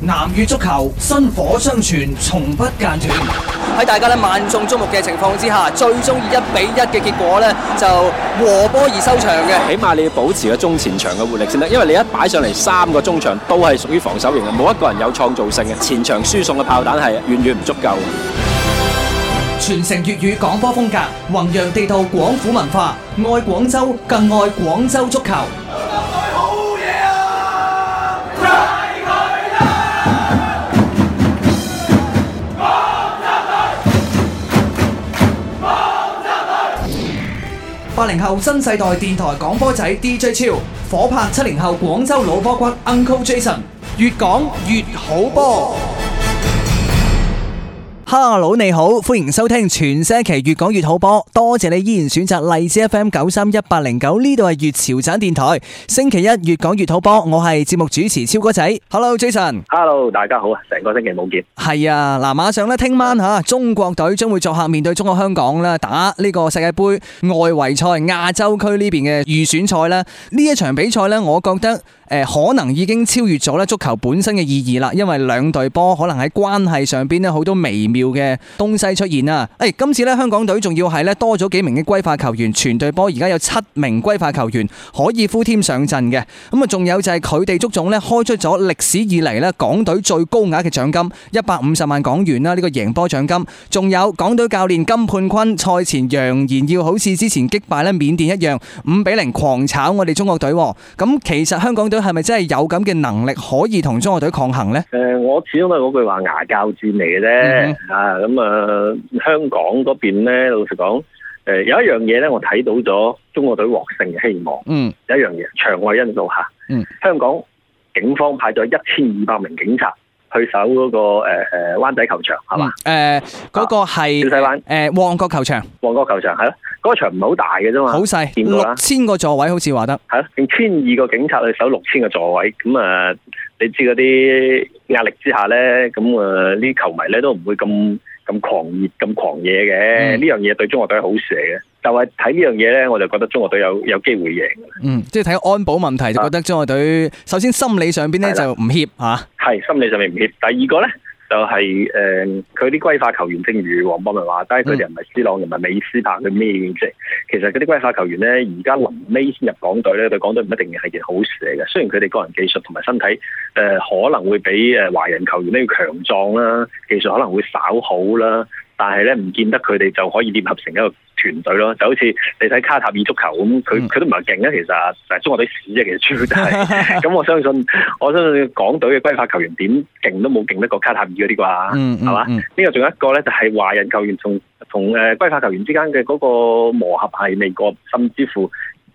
南粵足球，薪火相傳，從不間斷。喺大家咧萬眾矚目嘅情況之下，最中意一比一嘅結果呢，就和波而收場嘅。起碼你要保持個中前場嘅活力先得，因為你一擺上嚟，三個中場都係屬於防守型嘅，冇一個人有創造性嘅，前場輸送嘅炮彈係遠遠唔足夠。傳承粵語廣播風格，弘揚地道廣府文化，愛廣州，更愛廣州足球。新世代電台廣播仔 DJ 超火拍，七零後廣州老波骨 Uncle Jason，越講越好波。Hello，你好，歡迎收聽全星期越講越好波，多謝你依然選擇荔枝 FM 九三一八零九。呢度係粵潮省電台，星期一越講越好波，我係節目主持超哥仔，Hello Jason，Hello 大家好啊，成個星期冇見，係啊嗱，馬上呢，聽晚吓，中國隊將會作客面對中國香港咧打呢個世界杯外圍賽亞洲區呢邊嘅預選賽咧，呢一場比賽呢，我覺得。誒，可能已經超越咗咧足球本身嘅意義啦，因為兩隊波可能喺關係上邊咧好多微妙嘅東西出現啦！誒，今次咧香港隊仲要係咧多咗幾名嘅歸化球員，全隊波而家有七名歸化球員可以呼添上陣嘅。咁啊，仲有就係佢哋足總咧開出咗歷史以嚟咧港隊最高額嘅獎金一百五十萬港元啦，呢個贏波獎金。仲有港隊教練金判坤賽前揚言要好似之前擊敗咧緬甸一樣五比零狂炒我哋中國隊。咁其實香港隊係咪真係有咁嘅能力可以同中國隊抗衡呢？誒、嗯哼，我始終都係嗰句話牙教戰嚟嘅啫。啊， 咁啊，香港嗰邊呢，老實講，誒，有一樣嘢呢，我睇到咗中國隊獲勝嘅希望。嗯，有一樣嘢，場外因素吓。嗯， 香港警方派咗一千二百名警察。去守嗰、那個誒誒灣仔球場係嘛？誒，嗰、嗯呃那個係小西灣誒旺角球場，旺角球場係咯，嗰、那個場唔係好大嘅啫嘛，好細小，六千個座位好似話得吓，成千二個警察去守六千個座位，咁啊，你知嗰啲壓力之下咧，咁啊，啲、呃、球迷咧都唔會咁咁狂熱、咁狂野嘅，呢、嗯、樣嘢對中國隊好事嚟嘅。又話睇呢樣嘢咧，我就覺得中國隊有有機會贏。嗯，即係睇安保問題、啊、就覺得中國隊，首先心理上邊咧的就唔怯吓，係、啊、心理上面唔怯。第二個咧就係、是、誒，佢啲歸化球員正如黃博文話齋，佢哋唔係斯朗，嗯、又唔係美斯，拍佢咩啫？其實嗰啲歸化球員咧，而家臨尾先入港隊咧，對港隊唔一定係件好事嚟嘅。雖然佢哋個人技術同埋身體誒、呃，可能會比誒華人球員咧要強壯啦，技術可能會稍好啦。但係咧，唔見得佢哋就可以聯合成一個團隊咯，就好似你睇卡塔爾足球咁，佢佢、嗯、都唔係勁啊，其實，誒中國隊屎啫，其實主要係，咁 我相信，我相信港隊嘅歸化球員點勁都冇勁得過卡塔爾嗰啲啩，係嘛、嗯？呢個仲有一個咧，就係華人球員同同誒歸化球員之間嘅嗰個磨合係未過，甚至乎。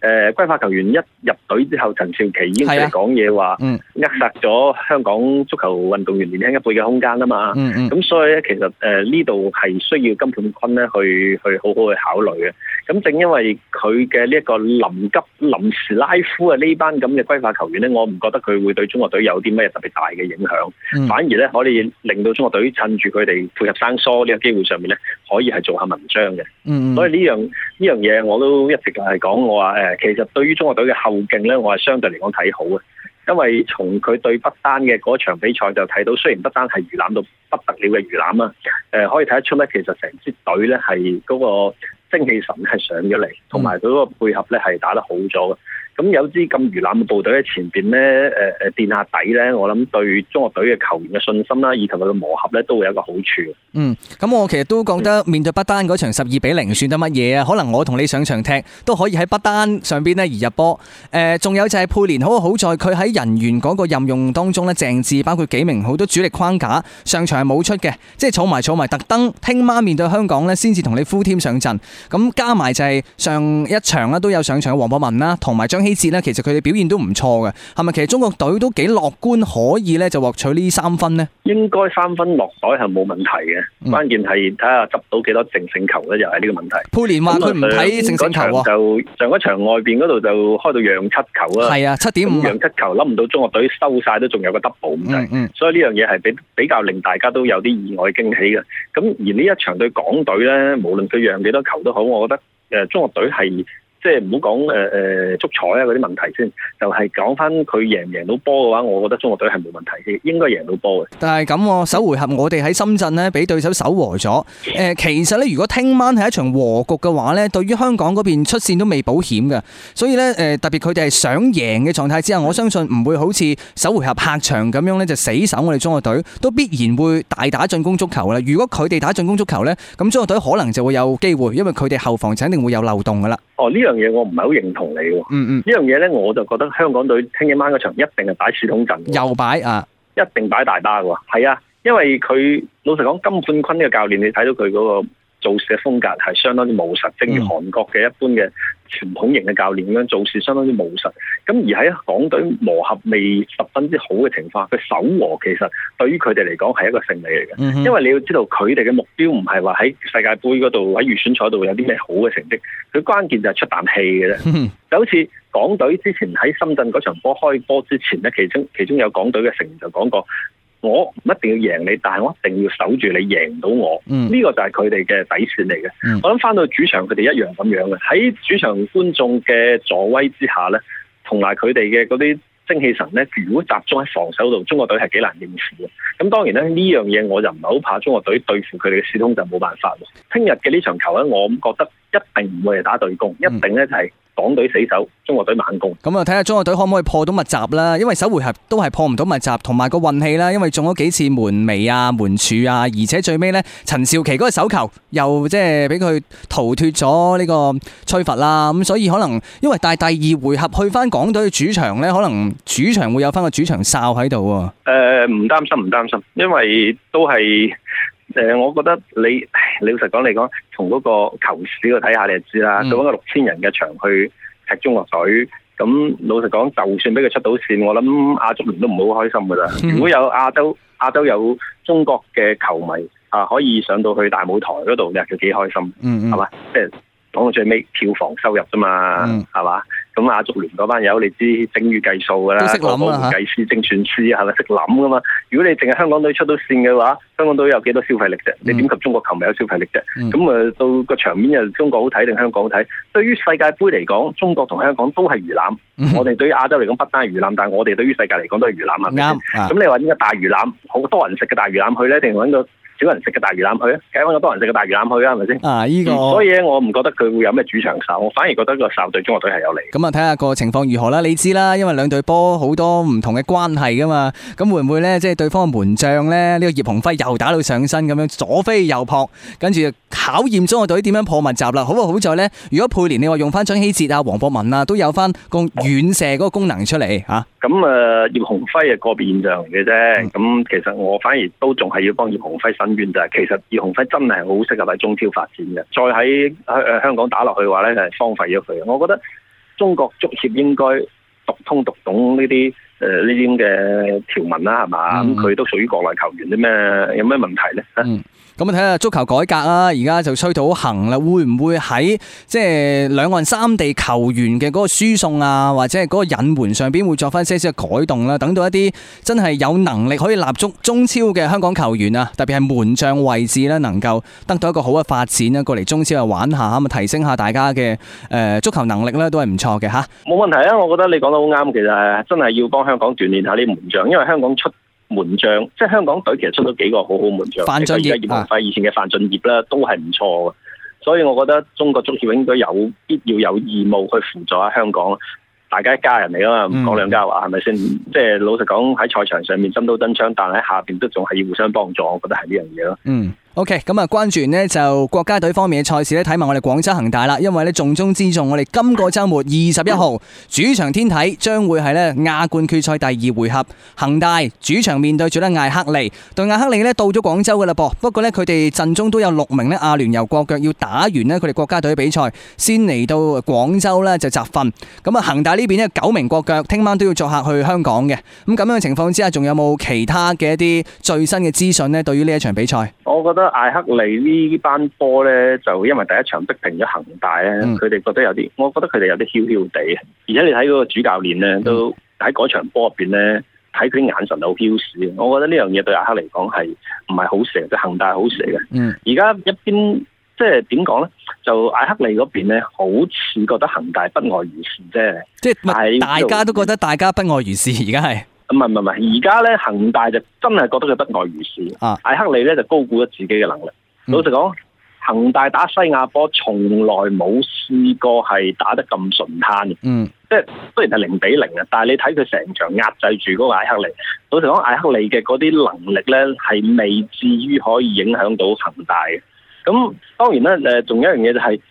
誒歸、呃、化球員一入隊之後，陳肇麒已經係講嘢話說，啊嗯、扼殺咗香港足球運動員年輕一輩嘅空間啦嘛。咁、嗯嗯、所以咧，其實誒呢度係需要金判坤咧去去好好去考慮嘅。咁正因為佢嘅呢一個臨急臨時拉夫啊，呢班咁嘅歸化球員咧，我唔覺得佢會對中國隊有啲咩特別大嘅影響，嗯、反而咧可以令到中國隊趁住佢哋配合生疏呢個機會上面咧，可以係做下文章嘅。嗯，所以呢樣呢樣嘢我都一直係講，我話誒，其實對於中國隊嘅後勁咧，我係相對嚟講睇好嘅，因為從佢對不丹嘅嗰一場比賽就睇到，雖然不丹係魚腩到不得了嘅魚腩啊，誒、呃，可以睇得出咧，其實成支隊咧係嗰個。精氣神係上咗嚟，同埋佢嗰個配合咧係打得好咗嘅。咁有啲咁魚腩嘅部隊喺前邊呢，誒誒墊下底呢，我諗對中國隊嘅球員嘅信心啦，以及佢嘅磨合呢，都會有一個好處。嗯，咁我其實都覺得面對不丹嗰場十二比零算得乜嘢啊？可能我同你上場踢都可以喺不丹上邊呢而入波。呃，仲有就係佩連，好好在佢喺人員嗰個任用當中呢，鄭智包括幾名好多主力框架上場係冇出嘅，即係儲埋儲埋特登，聽晚面對香港呢，先至同你呼添上陣。咁加埋就係上一場啦，都有上場嘅黃博文啦，同埋張。希捷其實佢哋表現都唔錯嘅，係咪？其實中國隊都幾樂觀，可以咧就獲取呢三分呢？應該三分落袋係冇問題嘅，嗯、關鍵係睇下執到幾多淨勝球咧，又係呢個問題。鋪、嗯、連話佢唔睇淨勝球就上一場外邊嗰度就開到讓七球啊！係啊，七點五讓七球，諗唔到中國隊收晒都仲有個 double 咁、嗯嗯、所以呢樣嘢係比比較令大家都有啲意外驚喜嘅。咁而呢一場對港隊呢，無論佢讓幾多球都好，我覺得誒，中國隊係。即係唔好講誒誒足彩啊嗰啲問題先，就係講翻佢贏唔贏到波嘅話，我覺得中國隊係冇問題嘅，應該贏到波嘅。但係咁喎，首回合我哋喺深圳咧，俾對手守和咗。誒，其實咧，如果聽晚係一場和局嘅話咧，對於香港嗰邊出線都未保險嘅。所以咧，誒，特別佢哋係想贏嘅狀態之下，我相信唔會好似首回合客場咁樣咧，就死守我哋中國隊，都必然會大打進攻足球啦。如果佢哋打進攻足球咧，咁中國隊可能就會有機會，因為佢哋後防就肯定會有漏洞噶啦。哦，呢樣。樣嘢我唔係好認同你喎，嗯嗯，樣呢樣嘢咧我就覺得香港隊聽一晚嗰場一定係擺雪筒陣，又擺啊，一定擺大巴喎，係啊，因為佢老實講，金判坤嘅教練，你睇到佢嗰、個。做事嘅風格係相當之務實，正如韓國嘅一般嘅傳統型嘅教練咁樣做事，相當之務實。咁而喺港隊磨合未十分之好嘅情況，佢守和其實對於佢哋嚟講係一個勝利嚟嘅，因為你要知道佢哋嘅目標唔係話喺世界盃嗰度喺預選賽度有啲咩好嘅成績，佢關鍵就係出啖氣嘅啫。就好似港隊之前喺深圳嗰場波開波之前咧，其中其中有港隊嘅成員就講過。我唔一定要贏你，但係我一定要守住你贏唔到我。呢個就係佢哋嘅底線嚟嘅。 我諗翻到主場，佢哋一樣咁樣嘅。喺主場觀眾嘅助威之下呢，同埋佢哋嘅嗰啲精氣神呢，如果集中喺防守度，中國隊係幾難應付嘅。咁當然咧，呢樣嘢我就唔係好怕中國隊對付佢哋嘅始終就冇辦法。聽日嘅呢場球呢，我覺得，一定唔會係打對攻，一定咧就係港隊死守，中國隊猛攻。咁啊，睇下中國隊可唔可以破到密集啦？因為首回合都係破唔到密集，同埋個運氣啦，因為中咗幾次門楣啊、門柱啊，而且最尾咧，陳肇麒嗰個手球又即係俾佢逃脫咗呢個吹罰啦。咁所以可能，因為但係第二回合去翻港隊嘅主場咧，可能主場會有翻個主場哨喺度喎。誒，唔擔心，唔擔心，因為都係。誒、呃，我覺得你，你老實講嚟講，從嗰個球市度睇下，你就知啦。咁、嗯、個六千人嘅場去踢中國隊，咁老實講，就算俾佢出到線，我諗亞足聯都唔好開心㗎喇。嗯、如果有亞洲亞洲有中國嘅球迷啊，可以上到去大舞台嗰度，你話佢幾開心？嗯，係嘛？即係講到最尾，票房收入啫嘛，係嘛、嗯？咁亞足聯嗰班友，你知精於計數㗎喇，包括計師、啊、精算師，係咪識諗㗎嘛？如果你淨係香港隊出到線嘅話，香港隊有幾多消費力啫？你點及中國球迷有消費力啫？咁誒、嗯，到個場面又中國好睇定香港好睇？嗯、對於世界盃嚟講，中國同香港都係魚腩。嗯、我哋對於亞洲嚟講不單係魚腩，但係我哋對於世界嚟講都係魚腩啊！啱。 咁、嗯、你話依家大魚腩，好多人食嘅大魚腩去咧，定揾個，少人食嘅大魚腩去啊！多人食嘅大魚腩去啊，係咪先？啊，依個所以咧，我唔覺得佢會有咩主場哨，我反而覺得個哨對中國隊係有利。咁啊，睇下個情況如何啦。你知啦，因為兩隊波好多唔同嘅關係噶嘛。咁會唔會呢？即係對方嘅門將呢？呢個葉鴻輝又打到上身咁樣，左飛右撲，跟住考驗中國隊點樣破密集啦。好啊，好在呢，如果佩連你話用翻張稀哲啊、黃博文啊，都有翻個遠射嗰個功能出嚟嚇。咁啊，葉鴻輝啊，個別現象嘅啫。咁、嗯、其實我反而都仲係要幫葉鴻輝。根源就係其實葉鴻輝真係好適合喺中超發展嘅，再喺誒香港打落去嘅話咧，就係荒廢咗佢。我覺得中國足協應該讀通讀懂呢啲誒呢啲嘅條文啦，係 嘛樂？咁佢都屬於國內球員啲咩？有咩問題咧？ 咁啊，睇下足球改革啦，而家就吹得好行啦，會唔會喺即係兩岸三地球員嘅嗰個輸送啊，或者係個引援上邊會作翻些少嘅改動啦，啊？等到一啲真係有能力可以立足中超嘅香港球員啊，特別係門將位置咧，能夠得到一個好嘅發展啦，過嚟中超去玩下，咁啊提升下大家嘅誒、呃、足球能力咧，都係唔錯嘅吓。冇問題啊，我覺得你講得好啱，其實真係要幫香港鍛煉下啲門將，因為香港出。門將，即係香港隊其實出咗幾個好好門將，葉文輝、以前嘅范俊業啦，都係唔錯嘅。所以我覺得中國足協應該有必要有義務去輔助下香港，大家一家人嚟噶嘛，唔講兩、嗯、家話係咪先？即係老實講喺賽場上面真刀真槍，但係喺下邊都仲係要互相幫助，我覺得係呢樣嘢咯。嗯。OK，咁啊，關注完呢就國家隊方面嘅賽事呢，睇埋我哋廣州恒大啦，因為呢，重中之重，我哋今個周末二十一號主場天體將會係呢亞冠決賽第二回合，恒大主場面對住呢艾哈利，對艾哈利呢到咗廣州噶啦噃，不過呢，佢哋陣中都有六名呢阿聯酋國腳要打完呢佢哋國家隊比賽先嚟到廣州呢，就集訓，咁啊恒大呢邊呢，九名國腳聽晚都要作客去香港嘅，咁咁樣嘅情況之下，仲有冇其他嘅一啲最新嘅資訊呢？對於呢一場比賽，我覺得。艾哈利呢班波咧，就因為第一場逼平咗恒大咧，佢哋、嗯、覺得有啲，我覺得佢哋有啲囂囂哋啊！而且你睇嗰個主教練咧，都喺嗰場波入邊咧，睇佢眼神好囂屎。我覺得呢樣嘢對艾哈利嚟講係唔係好蛇，對恒大好蛇。嘅。嗯，而家一邊即係點講咧，就艾哈利嗰邊咧，好似覺得恒大不外如是啫。即係大大家都覺得大家不外如是，而家係。唔係唔係唔係，而家咧恒大，就真係覺得佢不外如是。啊，艾哈利咧就高估咗自己嘅能力。老實講，恒、嗯、大打西亞波從來冇試過係打得咁順攤嘅。嗯，即係雖然係零比零啊，但係你睇佢成場壓制住嗰個艾哈利。老實講，艾哈利嘅嗰啲能力咧係未至於可以影響到恒大嘅。咁當然咧，誒、呃，仲有一樣嘢就係、是。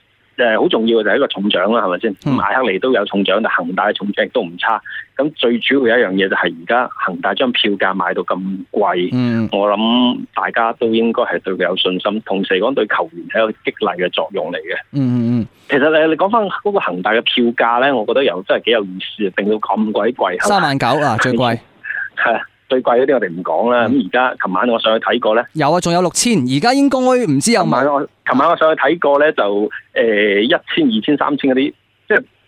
誒，好重要嘅就係一個重獎啦，係咪先？艾哈利都有重獎，但恒大嘅重獎亦都唔差。咁最主要一樣嘢就係而家恒大將票價賣到咁貴，嗯、我諗大家都應該係對佢有信心。同時嚟講，對球員係一個激勵嘅作用嚟嘅。嗯嗯嗯，其實你你講翻嗰個恒大嘅票價咧，我覺得又真係幾有意思，定到咁鬼貴，三萬九啊，最貴係。 最貴嗰啲我哋唔講啦，咁而家琴晚我上去睇過咧，有啊，仲有六千，而家應該唔知有萬。琴晚我上去睇過咧，就誒一千、二千、三千嗰啲。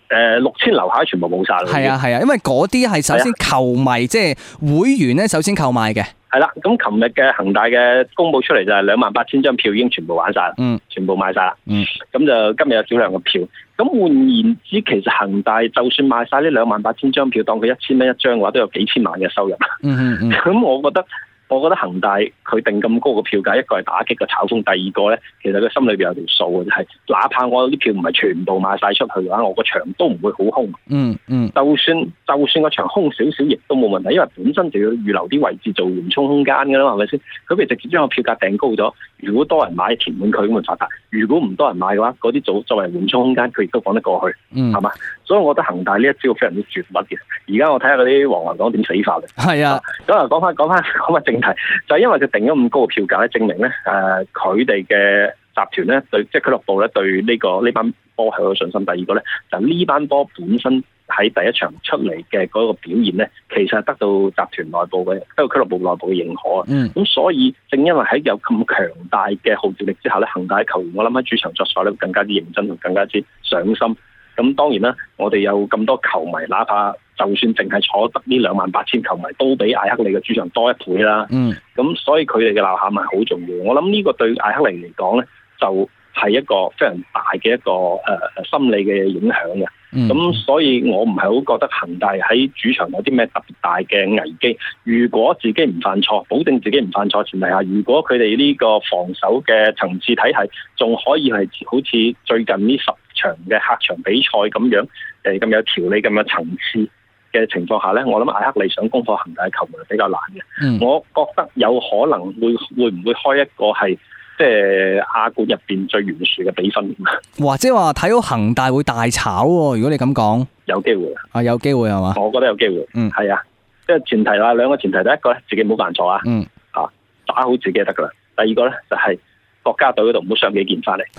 誒、呃，六千樓下全部冇晒啦。係啊係啊，因為嗰啲係首先球迷、啊、即係會員咧，首先購買嘅。係啦，咁琴日嘅恒大嘅公布出嚟就係兩萬八千張票已經全部玩晒，嗯，全部賣晒啦。嗯，咁就今日有少量嘅票。咁換言之，其實恒大就算賣晒呢兩萬八千張票，當佢一千蚊一張嘅話，都有幾千萬嘅收入。嗯嗯嗯，咁、嗯、我覺得。我覺得恒大佢定咁高個票價，一個係打擊個炒風，第二個咧，其實佢心裏邊有條數嘅，就係、是、哪怕我有啲票唔係全部賣晒出去嘅話，我個場都唔會好空。嗯嗯就，就算就算個場空少少，亦都冇問題，因為本身就要預留啲位置做緩衝空間噶啦，係咪先？佢哋直接將個票價定高咗，如果多人買填滿佢咁就會發達；如果唔多人買嘅話，嗰啲做作為緩衝空間，佢亦都講得過去。嗯，係嘛？所以，我覺得恒大呢一招非常之絕密嘅。而家我睇下嗰啲黃牛黨點死法嘅。係啊，咁啊、嗯，講翻講翻講翻正題，就係、是、因為佢定咗咁高嘅票價，證明咧誒佢哋嘅集團咧對即係俱樂部咧對呢、這個呢班波係有信心。第二個咧就呢、是、班波本身喺第一場出嚟嘅嗰個表現咧，其實係得到集團內部嘅一個俱樂部內部嘅認可啊。咁、嗯、所以，正因為喺有咁強大嘅號召力之下咧，恒大嘅球員我諗喺主場作賽咧會更加之認真同更加之上心。咁當然啦，我哋有咁多球迷，哪怕就算淨係坐得呢兩萬八千球迷，都比艾哈利嘅主場多一倍啦。嗯。咁所以佢哋嘅鬧下係好重要。我諗呢個對艾哈利嚟講咧，就係、是、一個非常大嘅一個誒、呃、心理嘅影響嘅。咁、mm. 所以我唔係好覺得恒大喺主場有啲咩特別大嘅危機。如果自己唔犯錯，保證自己唔犯錯前提下，如果佢哋呢個防守嘅層次體系仲可以係好似最近呢十場嘅客場比賽咁樣，誒咁有條理、咁有層次嘅情況下咧，我諗艾哈利想攻破恒大嘅球門係比較難嘅。嗯，我覺得有可能會會唔會開一個係即係亞冠入邊最懸殊嘅比分啊？或者話睇到恒大會大炒喎？哦。如果你咁講，有機會啊，有機會係嘛？我覺得有機會。嗯，係啊，即係前提啦，兩個前提，第一個咧自己唔好犯錯啊。嗯，啊打好自己就得噶啦。第二個咧就係、是、國家隊度唔好上幾件翻嚟。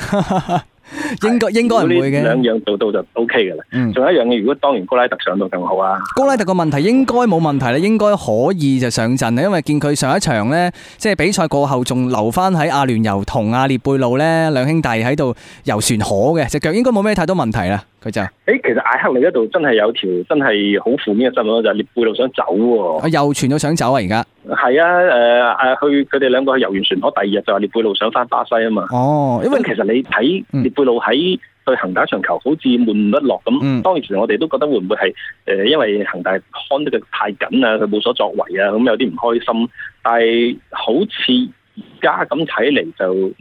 應該應該唔會嘅，兩樣做到就 O K 嘅啦。嗯，仲有一樣嘅，如果當然高拉特上到更好啊。高拉特個問題應該冇問題啦，應該可以就上陣啦。因為見佢上一場咧，即係比賽過後仲留翻喺阿聯酋同阿列貝魯咧兩兄弟喺度遊船河嘅，隻腳應該冇咩太多問題啦。佢就誒，其實艾哈利嗰度真係有條真係好負面嘅新聞，就係列貝魯想走喎，又傳咗想走啊！而家係啊，誒誒，去佢哋兩個去遊完船河，第二日就話列貝魯想翻巴西啊嘛。哦，因為其實你睇。貝路喺對恒大一場球好似悶悶不樂咁，當然其實我哋都覺得會唔會係誒、呃，因為恒大看得佢太緊啊，佢冇所作為啊，咁有啲唔開心，但係好似而家咁睇嚟就。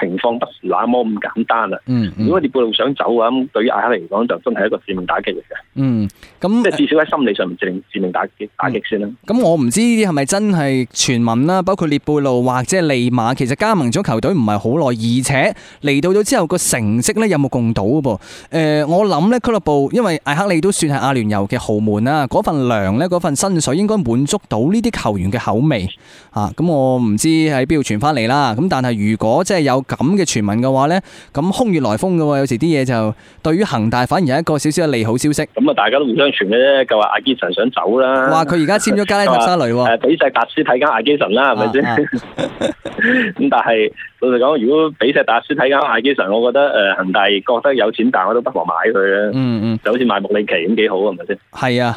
情況不是那麼咁簡單啦。嗯，如果列貝魯想走啊，咁對於艾哈利嚟講就真係一個致命打擊嚟嘅。嗯，咁即係至少喺心理上唔致命，致命打擊打擊先啦。咁我唔知呢啲係咪真係傳聞啦？包括列貝魯或者係利馬，其實加盟咗球隊唔係好耐，而且嚟到咗之後個成績咧有目共睹噃。誒，我諗咧俱樂部因為艾哈利都算係阿聯酋嘅豪門啦，嗰份糧咧嗰份薪水應該滿足到呢啲球員嘅口味啊。咁我唔知喺邊度傳翻嚟啦。咁但係如果即係有咁嘅傳聞嘅話咧，咁空穴來風嘅喎，有時啲嘢就對於恒大反而係一個少少嘅利好消息。咁啊，大家都互相傳嘅啫，就話阿基神想走啦。話佢而家簽咗加拉塔沙雷，誒、啊，俾石達斯睇緊阿基神啦，係咪先？咁、啊、 但係老實講，如果俾石達斯睇緊阿基神，我覺得誒，恒、呃、大覺得有錢，但我都不妨買佢咧、嗯。嗯嗯，就好似買穆里奇咁幾好，係咪先？係啊，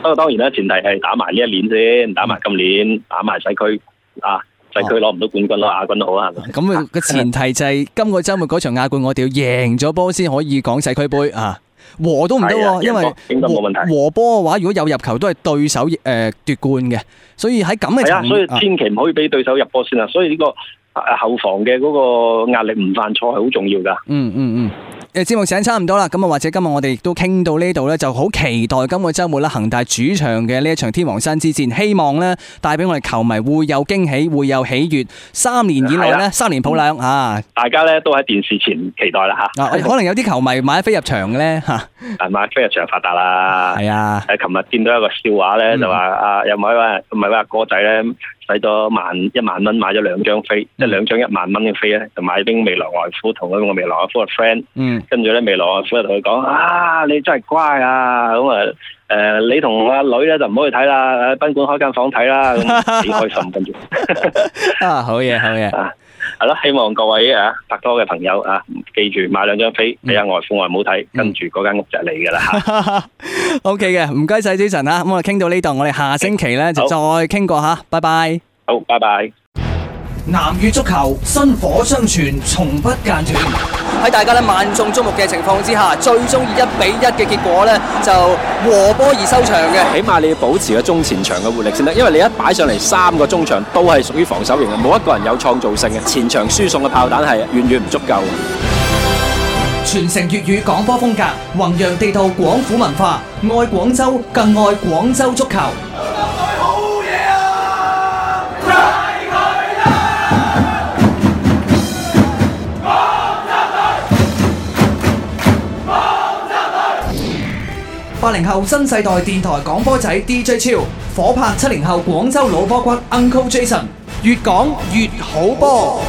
不過 當然啦，前提係打埋呢一年先，打埋今年，打埋西區啊。係佢攞唔到冠軍，攞亞軍都好係嘛？咁啊個前提就係今個周末嗰場亞冠，我哋要贏咗波先可以講世俱杯啊，和都唔得，因為和波嘅話，如果有入球都係對手誒奪冠嘅，所以喺咁嘅層面啊，所以千祈唔可以俾對手入波先啦，所以呢個。後防嘅嗰個壓力，唔犯錯係好重要噶。嗯嗯嗯。誒，節目時間差唔多啦，咁啊，或者今日我哋亦都傾到呢度咧，就好期待今個周末啦，恒大主場嘅呢一場天王山之戰，希望咧帶俾我哋球迷會有驚喜，會有喜悅。三年以內咧，三年抱兩啊！大家咧都喺電視前期待啦吓。可能有啲球迷買咗飛入場嘅咧吓。啊，買飛入場發達啦。係啊。喺琴日見到一個笑話咧，就話啊，又唔係話唔係話哥仔咧。使咗萬一萬蚊買咗兩張飛，即係兩張一萬蚊嘅飛咧，就買俾未來外父同我未來外父嘅 friend。嗯，跟住咧未來外父就同佢講，啊，你真係乖啊！咁、嗯、啊，誒、呃，你同阿女咧就唔好去睇啦，喺賓館開間房睇啦，幾、嗯、開心。跟住，啊，好嘢，好嘢。啊。係咯，希望各位啊，拍拖嘅朋友啊，記住買兩張飛俾阿外父外母睇，嗯、跟住嗰間屋就係你噶啦。O K 嘅，唔該晒早晨啊，咁我哋傾到呢度，我哋下星期咧就再傾過吓，好拜拜。好，拜拜。南粵足球，薪火相傳，從不間斷。喺大家咧萬眾矚目嘅情況之下，最中意一比一嘅結果咧，就和波而收場嘅。起碼你要保持個中前場嘅活力先得，因為你一擺上嚟三個中場都係屬於防守型嘅，冇一個人有創造性嘅，前場輸送嘅炮彈係遠遠唔足夠嘅。傳承粵語廣播風格，弘揚地道廣府文化，愛廣州，更愛廣州足球。八零後新世代電台講波仔 DJ 超火拍，七零後廣州老波骨 Uncle Jason，越講越好波。